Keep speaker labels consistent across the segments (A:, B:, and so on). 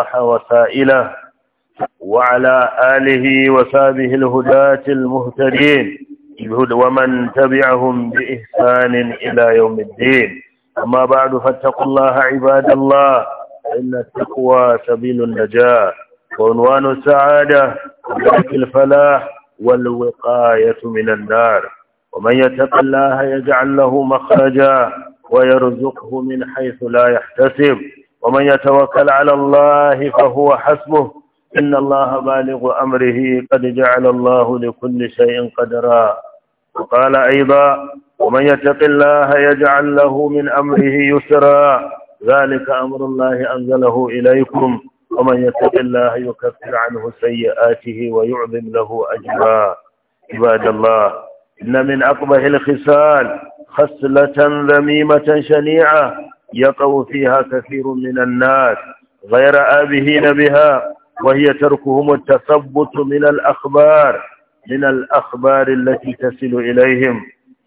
A: وأصلح وسائله وعلى آله وسابه الهداة المهتدين ومن تبعهم بإحسان إلى يوم الدين أما بعد فاتقوا الله عباد الله إن التقوى سبيل النجاة وعنوان السعادة وذلك الفلاح والوقاية من النار ومن يتق الله يجعل له مخرجا ويرزقه من حيث لا يحتسب ومن يتوكل على الله فهو حسبه إن الله بالغ أمره قد جعل الله لكل شيء قدرا وقال أيضا ومن يتق الله يجعل له من أمره يسرا ذلك أمر الله أنزله إليكم ومن يتق الله يكفر عنه سيئاته ويعظم له أجرا عباد الله إن من أقبح الخصال خصلة ذميمة شنيعة يقع فيها كثير من الناس غير آبهين بها وهي تركهم التثبت من الأخبار من الأخبار التي تصل إليهم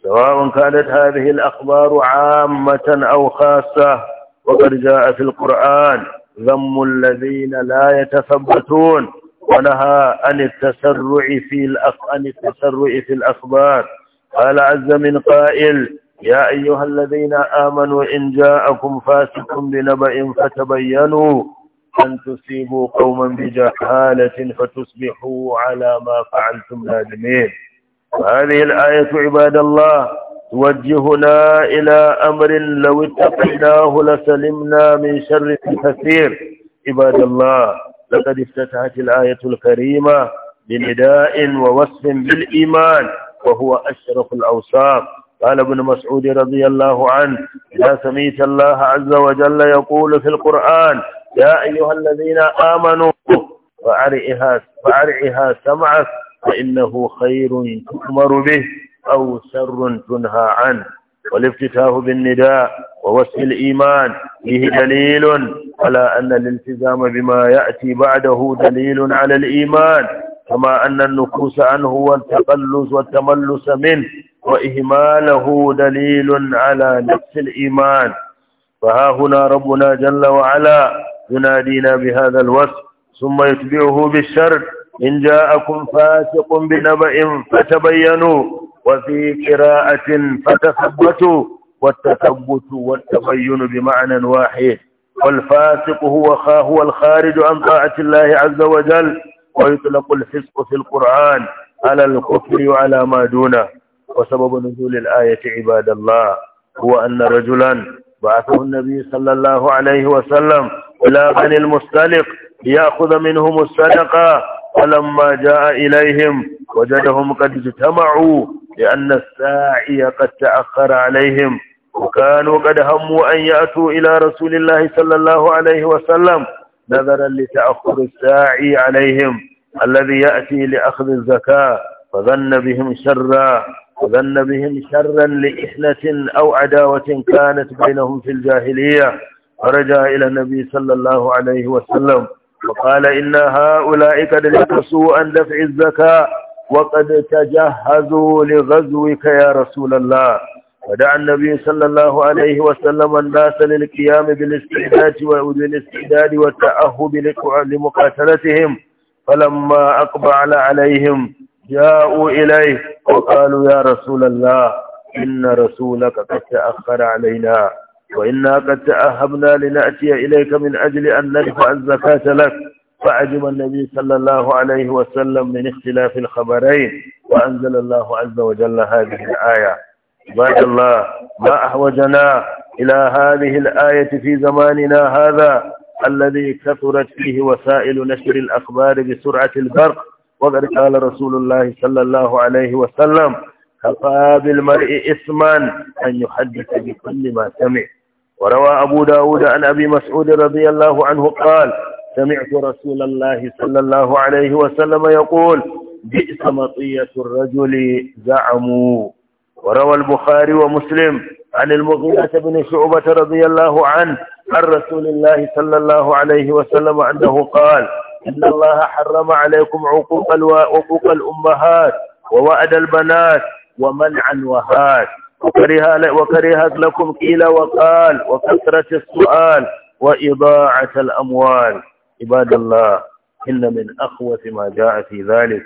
A: سواء كانت هذه الأخبار عامة أو خاصة وقد جاء في القرآن ذم الذين لا يتثبتون ونهى عن التسرع في الأخ... عن التسرع في الأخبار قال عز من قائل يا أيها الذين آمنوا إن جاءكم فاسق بنبأ فتبينوا أن تصيبوا قوما بجهالة فتصبحوا على ما فعلتم نادمين وهذه الآية عباد الله توجهنا إلى أمر لو اتقيناه لسلمنا من شر كثير عباد الله لقد افتتحت الآية الكريمة بنداء ووصف بالإيمان وهو أشرف الأوصاف قال ابن مسعود رضي الله عنه إذا سميت الله عز وجل يقول في القرآن يا أيها الذين آمنوا فأرعها, فأرعها سمعك فإنه خير تؤمر به أو شر تنهى عنه والافتتاح بالنداء ووصف الإيمان فيه دليل على أن الالتزام بما يأتي بعده دليل على الإيمان كما أن النكوس عنه والتقلص والتملس منه وإهماله دليل على نفس الإيمان فها هنا ربنا جل وعلا ينادينا بهذا الوصف ثم يتبعه بالشر إن جاءكم فاسق بنبأ فتبينوا وفي قراءة فتثبتوا والتثبت والتبين بمعنى واحد والفاسق هو هو الخارج عن طاعة الله عز وجل ويطلق الفسق في القرآن على الكفر وعلى ما دونه وسبب نزول الآية عباد الله هو أن رجلا بعثه النبي صلى الله عليه وسلم إلى بني المستلق ليأخذ منهم الصدقة فلما جاء إليهم وجدهم قد اجتمعوا لأن الساعي قد تأخر عليهم وكانوا قد هموا أن يأتوا إلى رسول الله صلى الله عليه وسلم نظرا لتأخر الساعي عليهم الذي يأتي لأخذ الزكاة فظن بهم شرا وظن بهم شرا لإحنة أو عداوة كانت بينهم في الجاهلية فرجع إلى النبي صلى الله عليه وسلم وقال إن هؤلاء قد نقصوا أن دفع الزكاة وقد تجهزوا لغزوك يا رسول الله ودع النبي صلى الله عليه وسلم الناس للقيام بالاستعداد والاستعداد والتأهب لمقاتلتهم فلما أقبل عليهم جاءوا إليه وقالوا يا رسول الله إن رسولك قد تأخر علينا وإنا قد تأهبنا لنأتي إليك من أجل أن ندفع الزكاة لك فعجب النبي صلى الله عليه وسلم من اختلاف الخبرين وأنزل الله عز وجل هذه الآية عباد الله ما أحوجنا إلى هذه الآية في زماننا هذا الذي كثرت فيه وسائل نشر الأخبار بسرعة البرق وقد قال رسول الله صلى الله عليه وسلم كفى بالمرء إثما أن يحدث بكل ما سمع وروى أبو داود عن أبي مسعود رضي الله عنه قال سمعت رسول الله صلى الله عليه وسلم يقول بئس مطية الرجل زعموا وروى البخاري ومسلم عن المغيرة بن شعبة رضي الله عنه عن رسول الله صلى الله عليه وسلم أنه قال إن الله حرم عليكم عقوق عقوق الأمهات ووعد البنات ومنعا وهات وكره وكرهت لكم قيل وقال وكثرة السؤال وإضاعة الأموال عباد الله إن من أخوة ما جاء في ذلك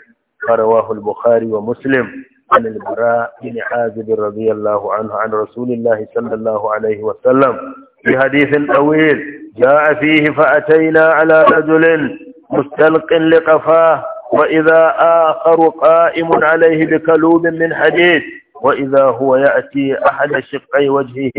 A: رواه البخاري ومسلم عن البراء بن عازب رضي الله عنه عن رسول الله صلى الله عليه وسلم في حديث طويل جاء فيه فأتينا على رجل مستلق لقفاه وإذا آخر قائم عليه بكلوب من حديد وإذا هو يأتي أحد شقي وجهه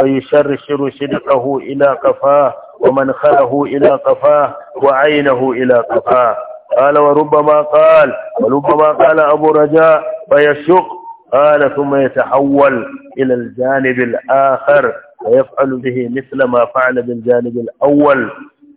A: فيشرشر شدقه إلى قفاه ومنخله إلى قفاه وعينه إلى قفاه قال وربما قال وربما قال أبو رجاء فيشق قال ثم يتحول إلى الجانب الآخر ويفعل به مثل ما فعل بالجانب الأول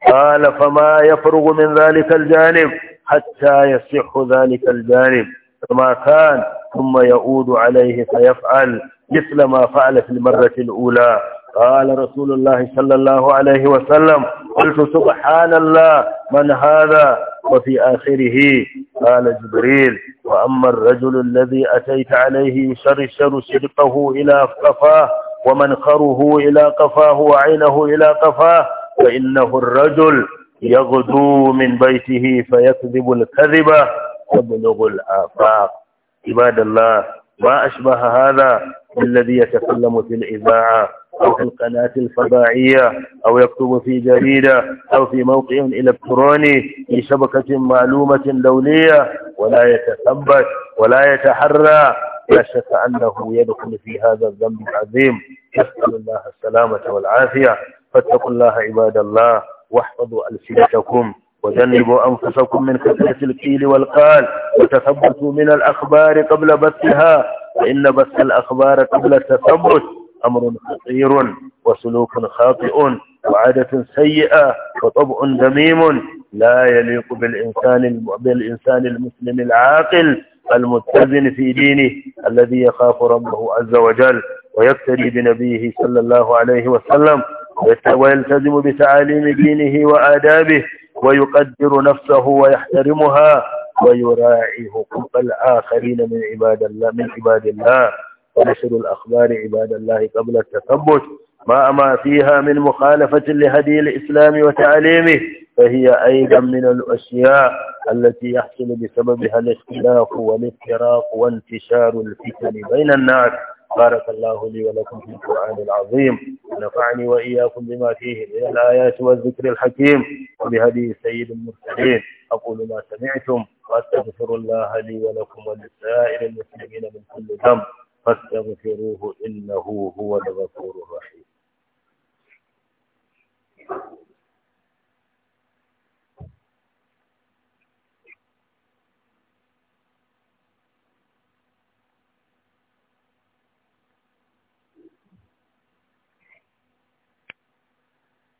A: قال فما يفرغ من ذلك الجانب حتى يصح ذلك الجانب كما كان ثم يؤود عليه فيفعل مثل ما فعل في المرة الأولى قال رسول الله صلى الله عليه وسلم قلت سبحان الله من هذا وفي آخره قال جبريل وأما الرجل الذي أتيت عليه يشرشر شرقه إلى قفاه ومنخره إلى قفاه وعينه إلى قفاه فإنه الرجل يغدو من بيته فيكذب الكذبة تبلغ الآفاق عباد الله ما أشبه هذا الذي يتكلم في الإذاعة أو في القناة الفضائية أو يكتب في جريدة أو في موقع إلكتروني في شبكة معلومة دولية ولا يتثبت ولا يتحرى لا شك أنه يدخل في هذا الذنب العظيم نسأل الله السلامة والعافية فاتقوا الله عباد الله واحفظوا ألسنتكم وجنبوا أنفسكم من كثرة القيل والقال وتثبتوا من الأخبار قبل بثها فإن بث الأخبار قبل التثبت أمر خطير وسلوك خاطئ وعادة سيئة وطبع ذميم لا يليق بالإنسان بالإنسان المسلم العاقل المتزن في دينه الذي يخاف ربه عز وجل ويقتدي بنبيه صلى الله عليه وسلم ويلتزم بتعاليم دينه وآدابه ويقدر نفسه ويحترمها ويراعي حقوق الآخرين من عباد الله من عباد الله ونشر الأخبار عباد الله قبل التثبت ما ما فيها من مخالفة لهدي الإسلام وتعاليمه فهي أيضا من الأشياء التي يحصل بسببها الاختلاف والافتراق وانتشار الفتن بين الناس بارك الله لي ولكم في القرآن العظيم ونفعني وإياكم بما فيه من الآيات والذكر الحكيم وبهدي سيد المرسلين أقول ما سمعتم وأستغفر الله لي ولكم ولسائر المسلمين من كل ذنب فاستغفروه إنه هو الغفور الرحيم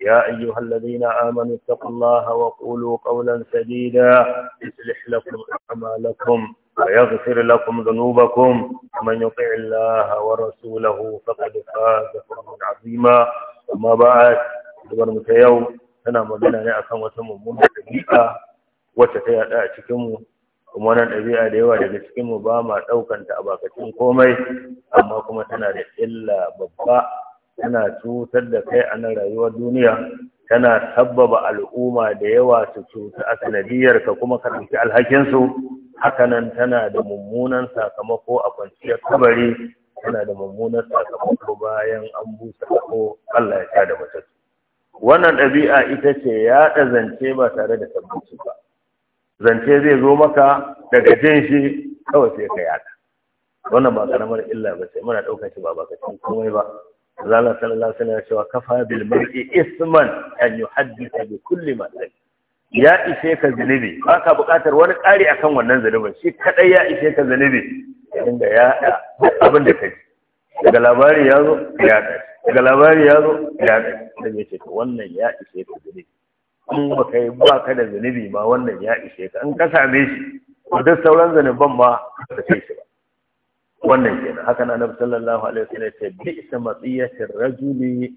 A: يا أيها الذين آمنوا اتقوا الله وقولوا قولا سديدا يصلح لكم أعمالكم ويغفر لكم ذنوبكم ومن يطع الله ورسوله فقد فاز فوزا عظيما وما بعد دبر متيوم أنا مدينة أكن وتمم الحقيقة وتتيأ أتكم kuma wannan ɗabi'a da yawa daga cikinmu ba ma ɗaukanta a bakacin komai amma kuma tana da illa babba tana cutar da kai a nan rayuwar duniya tana sabbaba al'umma da yawa su cuta a sanadiyar ka kuma ka ɗauki alhakinsu hakanan tana da mummunan sakamako a kwanciyar kabari tana da mummunan sakamako bayan an busa ko Allah ya da mutum wannan ɗabi'a ita ce yaɗa zance ba tare da tabbaci ba zance zai zo maka daga jin shi kawai sai ka yaɗa wannan ba karamar illa ba sai muna ɗaukar shi ba ba ka komai ba Allah sallallahu alaihi wasallam cewa kafa bil mar'i isman an yuhaddisa bi kulli ma ya ishe ka zunubi ba ka buƙatar wani ƙari akan wannan zunubin shi kadai ya ishe ka zunubi inda ya abin da kai daga labari ya zo ya daga labari ya zo ya da ya ce to wannan ya ishe ka zunubi in ba kai yi ba ka da zunubi ma wannan ya ishe ka in ka same shi duk sauran zunuban ma ba ka ce shi ba wannan kenan haka na annabi sallallahu alaihi wasallam ce bi'sa matiyatir rajuli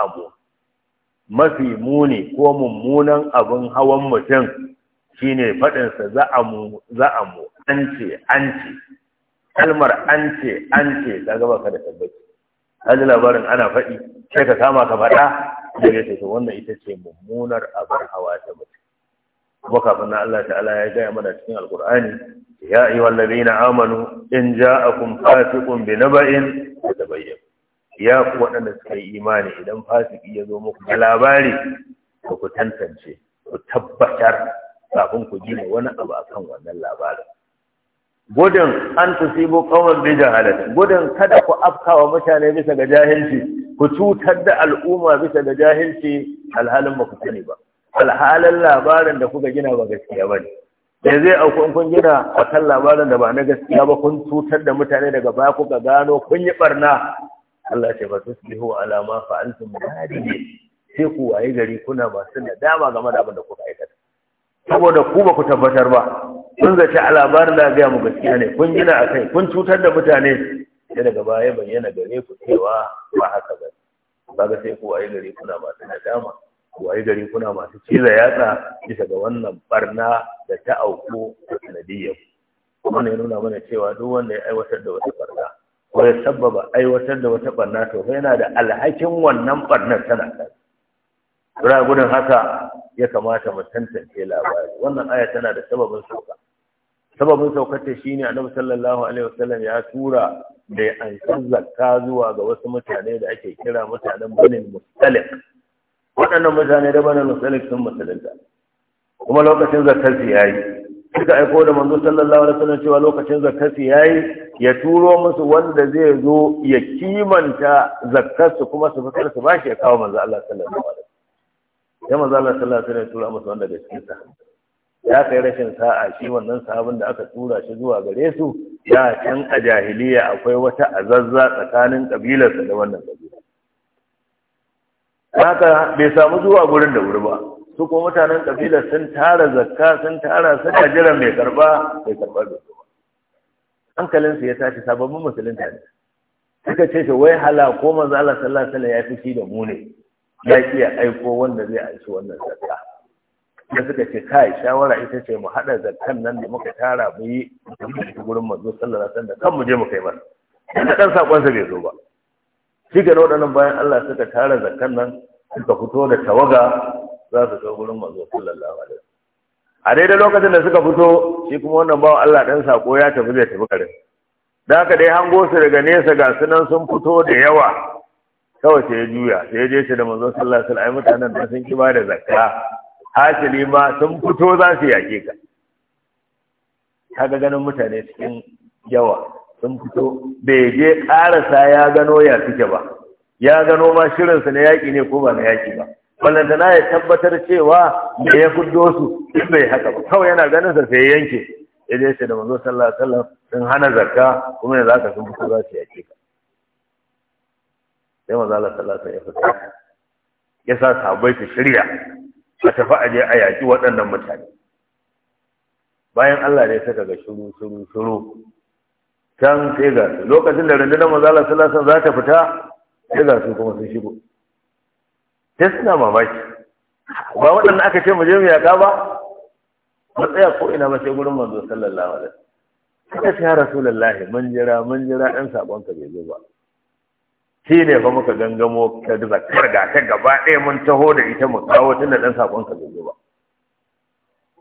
A: abu mafi muni ko mummunan abin hawan mutum shine fadin sa za'amu za'amu an ce an ce kalmar an ce an ce baka da tabbaci Haji labarin ana faɗi sai ka kama ka faɗa da ya ce wannan ita ce mummunar abin hawa ta mutum kuma kafin na Allah ta'ala ya gaya mana cikin alkur'ani ya yi wallabi na amanu in ja ja'akum fasiqun bi ta bayyan ya ku waɗanda suka yi imani idan fasiki ya zo muku da labari to ku tantance ku tabbatar kafin ku gina wani abu akan wannan labarin gudun an tusibu kawar bi jahalatin gudun kada ku afkawa mutane bisa ga jahilci ku cutar da al'umma bisa ga jahilci alhalin ba ku sani ba alhalin labarin da kuka gina ba gaskiya ba ne da zai auku in kun gina a kan labarin da ba na gaskiya ba kun cutar da mutane daga baya kuka gano kun yi barna Allah ce ba su siho alama fa fa'altum ne. sai ku waye gari kuna masu nadama game da abin da kuka aikata saboda ku ba ku tabbatar ba kun zaci a labarin da gaya mu gaskiya ne kun gina a kai kun cutar da mutane sai daga baya bayyana gare ku cewa ba haka ba ba ga sai ku waye gari kuna masu nadama waye gari kuna masu ciza yatsa bisa ga wannan barna da ta auku da sanadiyyar kuma ne nuna mana cewa duk wanda ya aiwatar da wata barna ko ya sabbaba aiwatar da wata barna to yana da alhakin wannan barnar tana kai
B: Bura gudun haka
A: ya kamata mu tantance labari wannan aya tana da sababin sauka sababin ta shine annabi sallallahu alaihi wasallam ya tura da an zakka zuwa ga wasu mutane da ake kira mutanen banin mustalif waɗannan mutane da bana musalik sun musulunta kuma lokacin zakarsu ya yi suka aiko da manzo sallallahu alaihi wasallam cewa lokacin zakarsu ya yi ya turo musu wanda zai zo ya kimanta zakarsu kuma su fitar su shi ya kawo manzo Allah sallallahu alaihi wasallam ya manzo Allah sallallahu alaihi wasallam ya turo musu wanda da cikin sa ya kai rashin sa'a shi wannan sahabin da aka tura shi zuwa gare su ya can a jahiliya akwai wata azazza tsakanin kabilarsa da wannan kabila haka bai samu zuwa gurin da wuri ba su kuma mutanen kabila sun tara zakka sun tara suna jiran mai karba mai karba da su ya tashi sababbin musulunta ne suka ce shi wai hala ko manzo Allah sallallahu alaihi wasallam ya fi shi da mu ne ya ya aiko wanda zai aiki wannan zakka da suka ce kai shawara ita ce mu hada zakkan nan da muka tara mu yi gurin manzo sallallahu alaihi wasallam kan mu je mu kai masa da dan sakon sa bai zo ba shiga da waɗannan bayan Allah suka tara zakkan nan suka fito da tawaga za su kai gurin manzo sallallahu alaihi a daidai lokacin da suka fito shi kuma wannan bawan Allah dan sako ya tafi zai tafi garin da haka dai hango su daga nesa ga sunan sun fito da yawa kawai sai ya juya sai ya je shi da manzo sallallahu alaihi wasallam mutanen da sun kiba da zakka hasili ma sun fito za su yake ka kaga ganin mutane cikin yawa sun fito bai je karasa ya gano ya suke ba ya gano ma shirinsa na yaƙi ne ko ba na yaƙi ba ballantana ya tabbatar cewa da ya fi su in bai haka ba kawai yana ganin sa sai yanke ya je sai da manzo sallallahu alaihi wasallam sun hana zakka kuma yanzu zaka sun fito za su yake ka sai manzo Allah sallallahu alaihi wasallam ya sa sahabbai su shirya a tafi aje a yaki waɗannan mutane bayan Allah ne saka ga shuru shuru shuru can sai ga su lokacin da rundunar manzala sallallahu za ta fita sai ga su kuma sun shigo sai suna mamaki ba waɗanda aka ce mu je mu yaƙa ba ba tsaya ko ina ba sai gurin manzo sallallahu alaihi suka ce ya rasulullahi mun jira mun jira ɗan saƙonka ka bai zo ba shi ne fa muka gangamo ka da zakar ga ta gaba ɗaya mun taho da ita mu kawo tunda ɗan saƙonka ka bai zo ba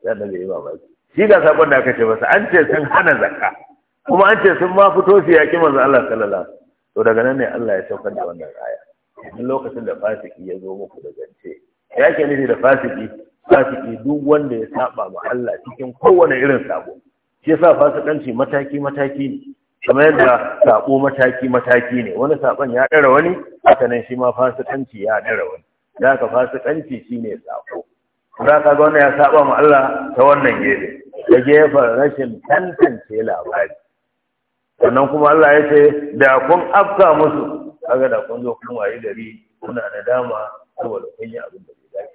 A: ya da bai yi mamaki shi ga saƙon da aka ce masa an ce sun hana zakka kuma an ce sun ma fito su yaƙi manzo Allah sallallahu to daga nan ne Allah ya saukar da wannan aya a lokacin da fasiki ya zo muku da gance. ya ke nufi da fasiki fasiki duk wanda ya saba ma Allah cikin kowane irin sabo shi yasa fasikanci mataki mataki ne kamar yadda sabo mataki mataki ne wani saban ya ɗara wani haka nan shi ma fasikanci ya dara wani da haka fasikanci shine sabo za ka ga wanda ya saba ma Allah ta wannan gefe da gefen rashin tantance labari sannan kuma Allah ya ce da kun afka musu kaga da kun zo kun waye gari kuna nadama saboda kun yi abin da zai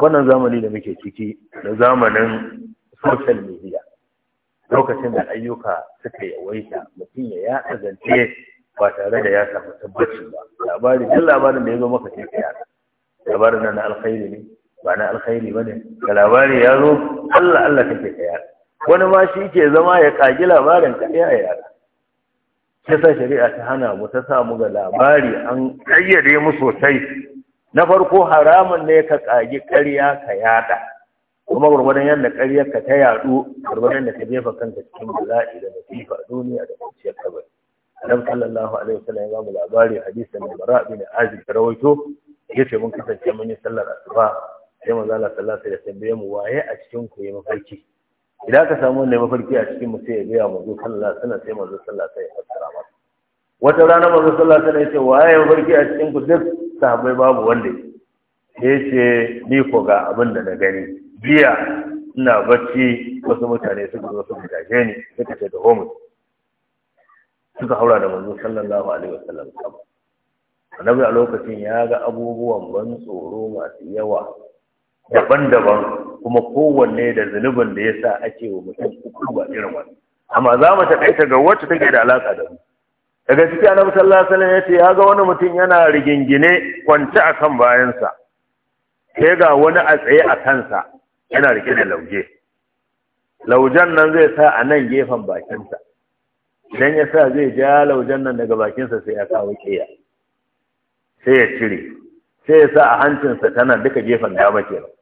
A: wannan zamani da muke ciki na zamanin social media lokacin da ayyuka suka yawaita mutum ya ya zance ba tare da ya samu tabbaci ba labari duk labarin da ya zo maka sai ka labarin na alkhairi ne ba na alkhairi ba ne ga labari ya zo Allah Allah kake ka wani ma shi ke zama ya kagi labarin ƙarya ya yara kisa shari'a ta hana mu ta samu ga labari an ƙayyade mu sosai na farko haramun ne ka kagi karya ka yada kuma gwargwadon yadda ƙaryar ka ta yadu gwargwadon da ka jefa kanka cikin bala'i da a duniya da kwanciyar kabari annabi sallallahu alaihi wasallam ya ba mu labari hadisi da bara bin azib rawaito yace mun kasance mun yi sallar asuba sai manzo Allah sallallahu alaihi wasallam ya tambaye mu waye a cikin ku yi mafarki idan ka samu ya mafarki a cikin mutum ya gaya manzo sallallahu suna sai manzo sallah sai ya fassara masa wata rana manzo sallah ta wasallam ya ce waye mafarki a cikin ku duk sahabbai babu wanda ya ce ni ko ga abin da na gani biya ina bacci wasu mutane suka zo suka tashe ni suka ce da homus suka haura da manzo sallallahu alaihi wasallam annabi a lokacin ya ga abubuwan ban tsoro masu yawa daban-daban kuma kowanne da zunubin da ya sa ake wa mutum uku ba irin wani amma za mu taƙaita ga wacce take da alaƙa da mu daga ciki annabi sallallahu alaihi wasallam ce ya ga wani mutum yana rigingine kwance a kan bayansa sai ga wani a tsaye a kansa yana rike da lauje Laujan nan zai sa a nan gefen bakinsa idan ya sa zai ja laujen nan daga bakinsa sai ya kawo kiya sai ya cire sai ya sa a hancinsa tana nan duka gefen dama kenan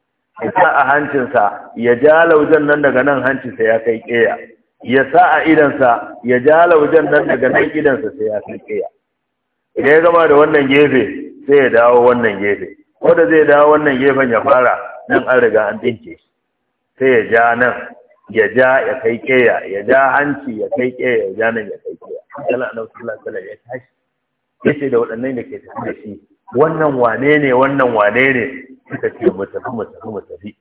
A: ya sa a hancinsa ya ja laujen nan daga nan hancinsa ya kai ƙeya ya sa a idansa ya ja laujen nan daga nan idansa sai ya kai ƙeya idan ya gama da wannan gefe sai ya dawo wannan gefe ko da zai dawo wannan gefen ya fara nan an riga an ɗinke sai ya ja nan ya ja ya kai ƙeya ya ja hanci ya kai ƙeya ya ja nan ya kai ƙeya kala na kala-kala ya tashi ya ce da waɗannan da ke tafi da shi wannan wane ne wannan wane ne suka ce mu tafi mu tafi mu tafi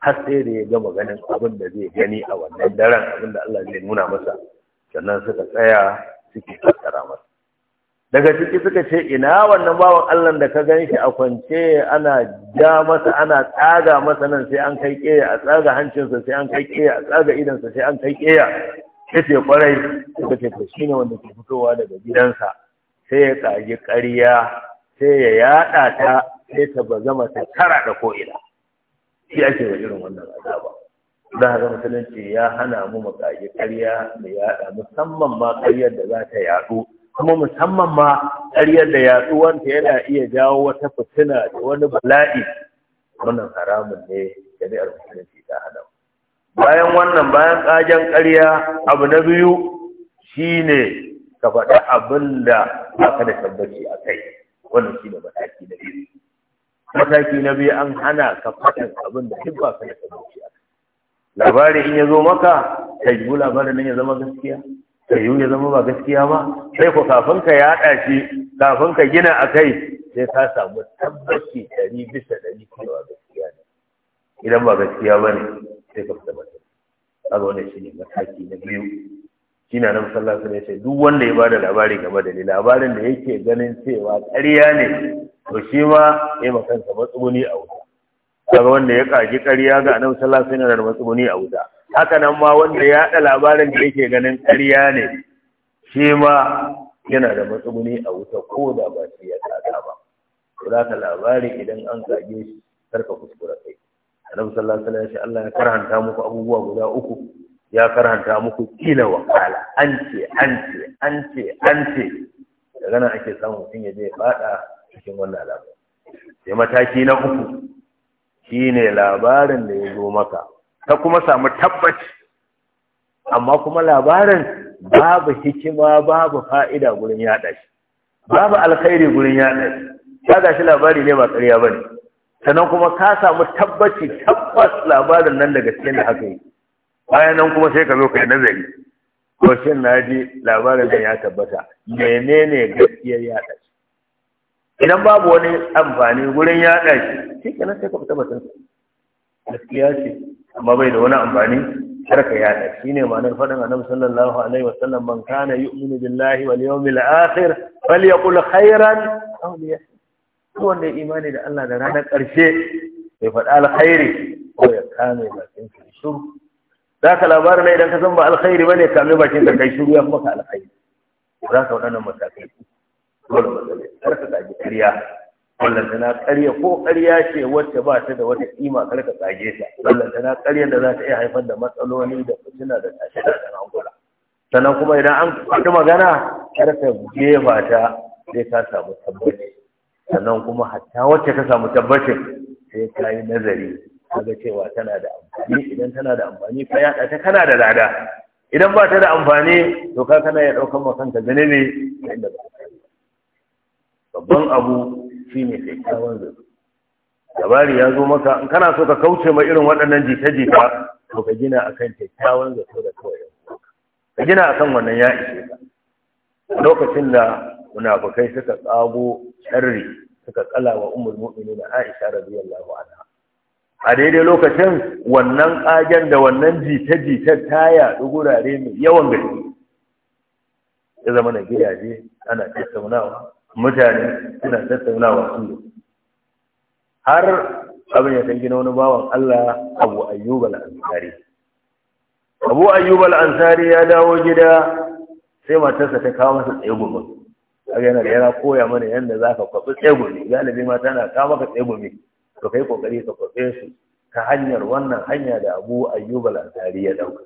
A: har sai da ya gama ganin abin da zai gani a wannan daren abin da Allah zai nuna masa sannan suka tsaya suke tattara masa daga ciki suka ce ina wannan bawan Allah da ka gan shi a kwance ana ja masa ana tsaga masa nan sai an kai keya a tsaga hancinsa sai an kai keya a tsaga idansa sai an kai keya yace kwarai suka ce to shine wanda ke fitowa daga gidansa sai ya tsagi ƙarya sai ya yada ta sai ta zama ta tara da ko'ina shi ake da irin wannan azaba za a ga musulunci ya hana mu makaji ƙarya da yaɗa musamman ma ƙaryar da za ta yaɗu kuma musamman ma ƙaryar da wanda yana iya jawo wata fitina da wani bala'i wannan haramun ne shari'ar musulunci ta hana mu. bayan wannan bayan ƙagen ƙarya abu na biyu shine ka faɗi abin da aka da tabbaci a kai wannan shine mataki na biyu
B: mataki na biyu
A: an hana ka faɗin abin da duk ba ka da tabbaci labari in ya zo maka ta yiwu labarin nan ya zama gaskiya ta yiwu ya zama ba gaskiya ba sai ku kafin ka yaɗa shi kafin ka gina a kai sai ka samu tabbaci ɗari bisa ɗari cewa gaskiya ne
B: idan ba gaskiya ba ne
A: sai ka fita ba kaga wannan mataki na biyu shine na sallallahu ne sai duk wanda ya ba da labari game da ni labarin da yake ganin cewa ƙarya ne to shi ma ya ma kansa matsuguni a wuta kaga wanda ya kaji ƙarya ga na sallallahu alaihi da matsuguni a wuta haka nan ma wanda ya haɗa labarin da yake ganin ƙarya ne shi ma yana da matsuguni a wuta ko da ba shi ya tsada ba kula ka labari idan an kage shi karka kuskura kai annabi sallallahu alaihi wasallam Allah ya karanta muku abubuwa guda uku ya karanta muku kila wa kala an ce an ce an ce an ce daga nan ake samun mutum ya je ya fada cikin wannan labarin sai mataki na uku shine labarin da ya zo maka ta kuma samu tabbaci amma kuma labarin babu hikima babu fa'ida gurin yaɗa shi babu alkhairi gurin yaɗa shi ga shi labari ne ba ƙarya bane sannan kuma ka samu tabbaci tabbas labarin nan daga cikin da haka yake bayan nan kuma sai ka zo kai nazari ko shin na ji labarin da ya tabbata menene gaskiyar yaɗa shi idan babu wani amfani gurin yaɗa shi shi kenan sai ka fita batun gaskiya ce amma bai da wani amfani har ka yaɗa shi ne ma'anar faɗin annabi sallallahu alaihi wa sallam man kana yu'minu billahi wal yawmil akhir falyaqul khairan aw liyasmut wanda ya imani da Allah da ranar ƙarshe ya faɗa alkhairi ko ya kame bakin shi shiru da ka labarin na idan ka san ba alkhairi bane ka mai bakin da kai shiru ya kuma ka alkhairi za ka waɗannan matakai dole matsalai kar ka tsage ƙarya ballanta na ƙarya ko ƙarya ce wacce ba ta da wata kima kar ka tsage ta ballanta na ƙarya da za ta iya haifar da matsaloli da fitina da tashi da gura sannan kuma idan an faɗi magana kar ka jefa ta sai ka samu tabbaci sannan kuma hatta wacce ka samu tabbacin sai ka yi nazari kaga cewa tana da amfani idan tana da amfani ka yada ta kana da lada idan ba ta da amfani to ka kana ya daukan ma kanka ne inda babban abu shine kyakkyawan zato labari ya zo maka in kana so ka kauce ma irin waɗannan jita-jita to ka gina akan kyakkyawan zato da kawai ka gina akan wannan ya ishe ka lokacin da munafukai suka tsago sharri suka kala wa ummul mu'minin Aisha radiyallahu anha a daidai lokacin wannan ƙagen da wannan jita-jita ta yaɗu gurare mai yawan gari ya zama na gidaje ana tattaunawa mutane suna tattaunawa su har abin ya gina wani bawan Allah abu Ayyubal al-ansari abu Ayyubal al-ansari ya dawo gida sai matarsa ta kawo masa tsegumi kaga yana da yana koya mana yadda za kwaɓi tsaye tsegumi galibi mata na kawo maka tsegumi to kai kokari ka kwafe su ta hanyar wannan hanya da abu ayyubal azari ya dauka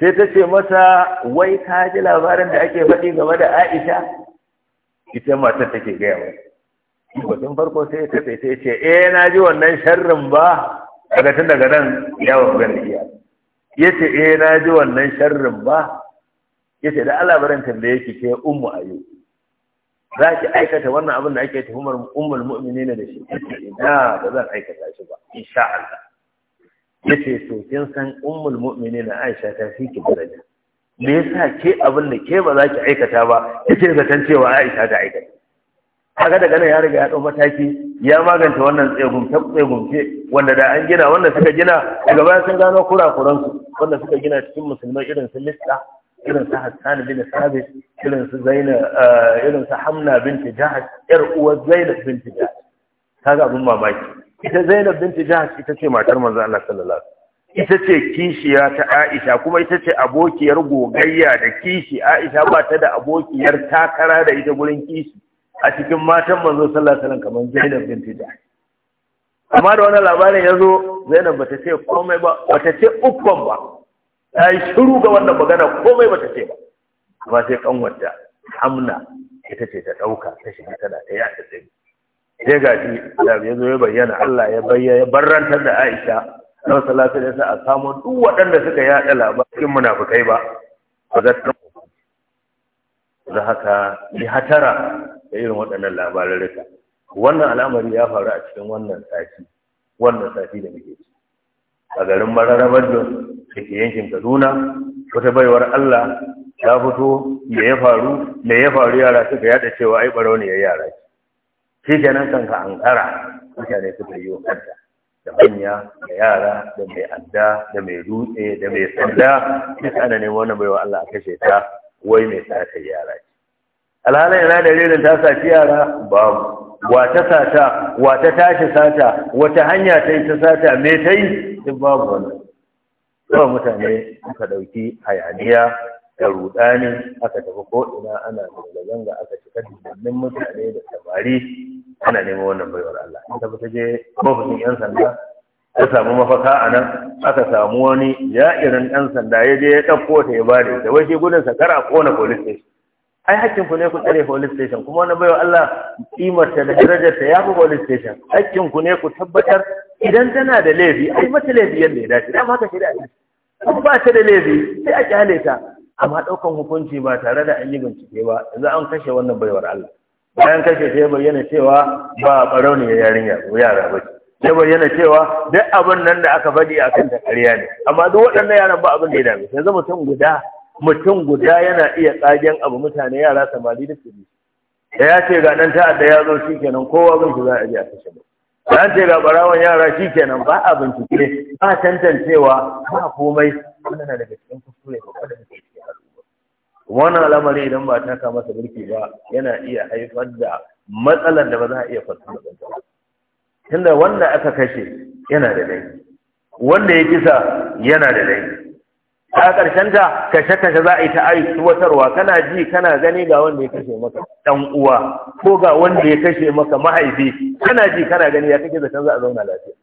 A: sai ta ce masa wai ka ji labarin da ake faɗi game da Aisha ita matar take gaya wa batun farko sai ta ce eh, sai ce eh na ji wannan sharrin ba daga tun daga nan yawon ganiya yace eh na ji wannan sharrin ba yace da Allah barin tambaye ki ke ummu yau. za ki aikata wannan abin da ake tuhumar ummul mu'minin da shi ina ba zan aikata shi ba insha Allah yace to kin san ummul mu'minin Aisha ta fi ki daraja me yasa ke abin da ke ba za ki aikata ba yace zaton cewa Aisha ta aikata kaga daga nan ya riga ya dau mataki ya maganta wannan tsegum ta tsegumce wanda da an gina wanda suka gina daga sun gano kurakuransu wanda suka gina cikin musulmai irin su lista irin su Hassan bin Sabit irin su Zaina irin su Hamna binti Jahash ƴar uwar Zainab binti Jahash kaga abin mamaki ita Zainab binti Jahash ita ce matar manzo Allah sallallahu alaihi ita ce kishiya ta Aisha kuma ita ce abokiyar gogayya da kishi Aisha ba ta da abokiyar takara da ita gurin kishi a cikin matan manzo sallallahu alaihi wasallam kamar Zainab binti Jahash amma da wannan labarin ya zo zainab bata ce komai ba bata ce uffan ba ta yi shiru ga wannan magana komai ta ce ba amma sai kanwarta hamna ita ce ta ɗauka ta shiga tana ta yaɗa tsaye sai ga shi da ya zo ya bayyana Allah ya bayyana ya barrantar da Aisha na salatu da sa a samu duk waɗanda suka yaɗa labarin munafukai ba ba za ta da haka yi hatara da irin waɗannan rika wannan al'amari ya faru a cikin wannan sati wannan sati da muke ci a garin mararabar da ke yankin kaduna wata baiwar allah ta fito me ya faru me ya faru yara suka yada cewa ai barau ne ya yara shi kenan kanka an kara mutane suka yi wa da manya da yara da mai adda da mai dutse da mai sanda duk ana neman wannan baiwa allah a kashe ta wai mai sa yara ce alhalin yana da ta saci yara babu wata sata wata tashi sata wata hanya ta yi ta sata me ta yi duk babu wani kawai mutane aka ɗauki hayaniya da rudani aka tafi ko'ina ana zanga-zanga aka cika dubbannin mutane da samari ana neman wannan baiwar Allah In tafi ta je ofishin 'yan sanda ta samu mafaka a nan aka samu wani ya ja'irin 'yan sanda ya je ya ɗauko ta ya bada da wai shi gudun sakar a kona police station ai hakkin ku ne ku tsare police station kuma wani baiwa Allah ta da darajar ta fi police station hakkin ku ne ku tabbatar idan tana da laifi ai mata laifi yadda ya dace dama haka shirya ne kuma ba ta da laifi sai a kyale ta amma ɗaukan hukunci ba tare da an yi bincike ba yanzu an kashe wannan baiwar Allah bayan kashe sai bayyana cewa ba barau ne yarinya ko yara ba sai bayyana cewa duk abin nan da aka faɗi akan ta ƙarya ne amma duk waɗannan yaran ba abin da ya dame yanzu mutum guda mutum guda yana iya tsagen abu mutane yara samari da su da ya ce ga nan ta'adda ya zo shi kenan kowa bin shi za a je a kashe Ba ya ce ga barawan yara shi kenan ba a bincike ba tantancewa ba komai wannan na daga cikin kuskure ba wanda da cikin al'umma wannan al'amari idan ba kama masa mulki ba yana iya haifar da matsalar da ba za a iya fassara ba tunda wanda aka kashe yana da laifi wanda ya kisa yana da laifi a ƙarshen ta kashe kashe za a yi ta aiwatarwa kana ji kana gani ga wanda ya kashe maka ɗan uwa ko ga wanda ya kashe maka mahaifi kana ji kana gani ya kake zaton za a zauna lafiya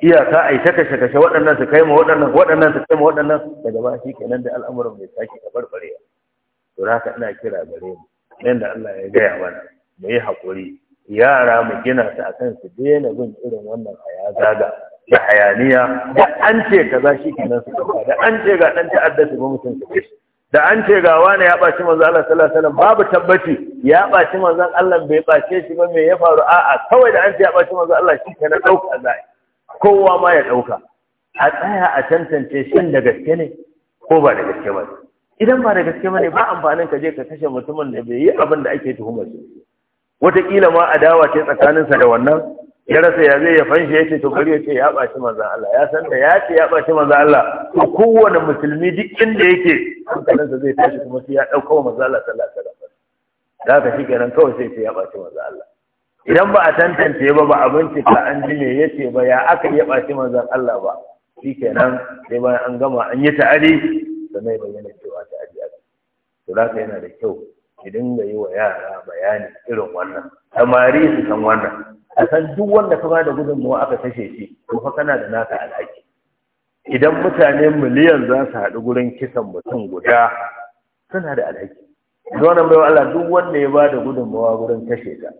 A: iyaka a yi ta kashe kashe waɗannan su kai ma waɗannan waɗannan su kai ma waɗannan daga ba shi kenan da al'amuran bai sake barbarewa to haka ina kira gare mu da Allah ya gaya mana mu yi haƙuri yara mu gina su a kan su daina bin irin wannan a ya zaga da hayaniya da an ce za shi kenan su kafa da an ce ga ɗan ta'adda su ba mutum su da an ce ga wani ya ɓaci manzon Allah sallallahu alaihi wasallam babu tabbaci ya ɓaci manzon Allah bai ɓace shi ba me ya faru a'a kawai da an ce ya ɓaci manzon Allah shi kenan ɗauka za kowa ma ya ɗauka a tsaya a tantance shin da gaske ne ko ba da gaske ba idan ba da gaske ba ne ba amfanin ka je ka kashe mutumin da bai yi abin da ake tuhumar shi wataƙila ma adawa ce tsakaninsa da wannan ya rasa ya zai ya fanshi ya ce to bari ya ce ya ɓaci manzan Allah ya san da ya ce ya ɓaci manzan Allah to kowane musulmi duk inda yake hankalinsa zai tashi kuma sai ya ɗauko manzan Allah sallallahu alaihi wasallam da haka shi kenan kawai sai ce ya ɓaci manzan Allah idan ba a tantance ba ba a bincika an ji me ya ce ba ya aka ya ɓaci manzan Allah ba shi kenan sai bayan an gama an yi ta'adi sannan ya bayyana cewa ta'adi aka to da yana da kyau ki dinga yi wa yara bayani irin wannan samari su san wannan a san duk wanda ka bada gudunmawa aka kashe shi to fa kana da naka alhaki idan mutane miliyan za su haɗu gurin kisan mutum guda suna da alhaki da wannan bai Allah duk wanda ya bada gudunmawa gurin kashe ta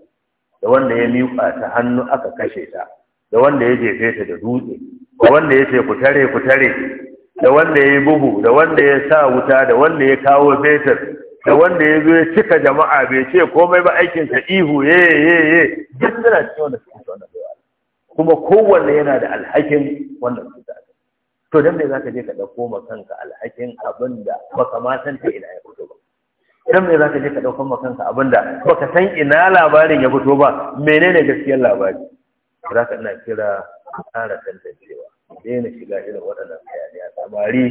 A: da wanda ya miƙa ta hannu aka kashe ta da wanda ya jefe ta da dutse da wanda ya ce ku tare ku tare da wanda ya yi bugu da wanda ya sa wuta da wanda ya kawo fetur da wanda ya zo ya cika jama'a bai ce komai ba aikin sa ihu ye ye ye duk suna cikin wanda suke wannan bai kuma kowanne yana da alhakin wannan cuta to dan me zaka je ka dauko ma kanka alhakin abinda ba baka ma san ta ina ya fito ba dan me zaka je ka dauko ma kanka abinda ba baka san ina labarin ya fito ba menene gaskiyar labari zaka ina kira ƙara tantancewa daina shiga irin waɗannan a samari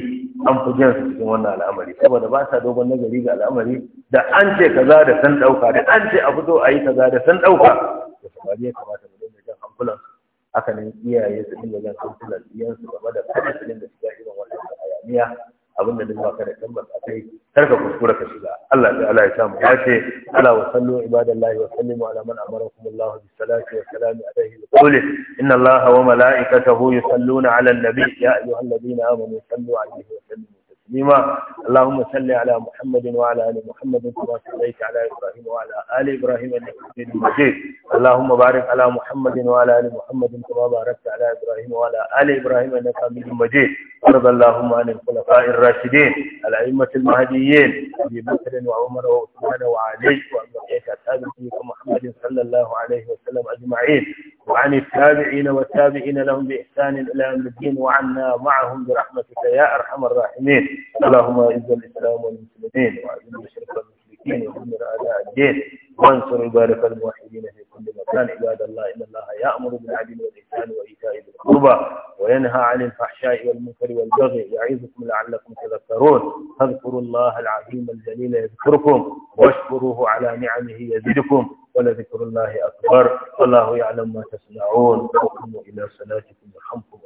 A: an fi jin su cikin wannan al'amari saboda ba sa dogon nazari ga al'amari da an ce kaza da san ɗauka da an ce a fito a yi kaza da san ɗauka da samari ya kamata mu daina jan hankulan haka ne iyaye su dinga jan hankulan iyansu game da kada su dinga shiga irin waɗannan hayaniya abin da duk baka da tabbas a kai kar kuskura ka shiga Allah da Allah ya samu wace ala wa sallu ibadallahi wa sallimu ala man amarakum Allah bis salati wa salamu alayhi wa qul inna Allah wa malaikatahu yusalluna ala an-nabi ya ayyuhalladhina amanu sallu alayhi wa sallimu تسليما اللهم صل على محمد وعلى ال محمد كما صليت على ابراهيم وعلى ال ابراهيم انك حميد مجيد اللهم بارك على محمد وعلى ال محمد كما باركت على ابراهيم وعلى ال ابراهيم انك حميد مجيد وارض اللهم عن الخلفاء الراشدين الائمه المهديين ابي بكر وعمر وعثمان وعلي وابن اصحاب محمد صلى الله عليه وسلم اجمعين وعن التابعين والتابعين لهم بإحسان إلى أمر الدين وعنا معهم برحمتك يا أرحم الراحمين اللهم أعز الإسلام والمسلمين وأعز المشرك والمشركين ودمر أعداء الدين وانصر عبادك الموحدين في كل مكان عباد الله إن الله يأمر بالعدل والإحسان وإيتاء ذي القربى وينهى عن الفحشاء والمنكر والبغي يعظكم لعلكم تذكرون فاذكروا الله العظيم الجليل يذكركم واشكروه على نعمه يزدكم ولذكر الله أكبر والله يعلم ما تصنعون وقوموا إلى صلاتكم وارحمكم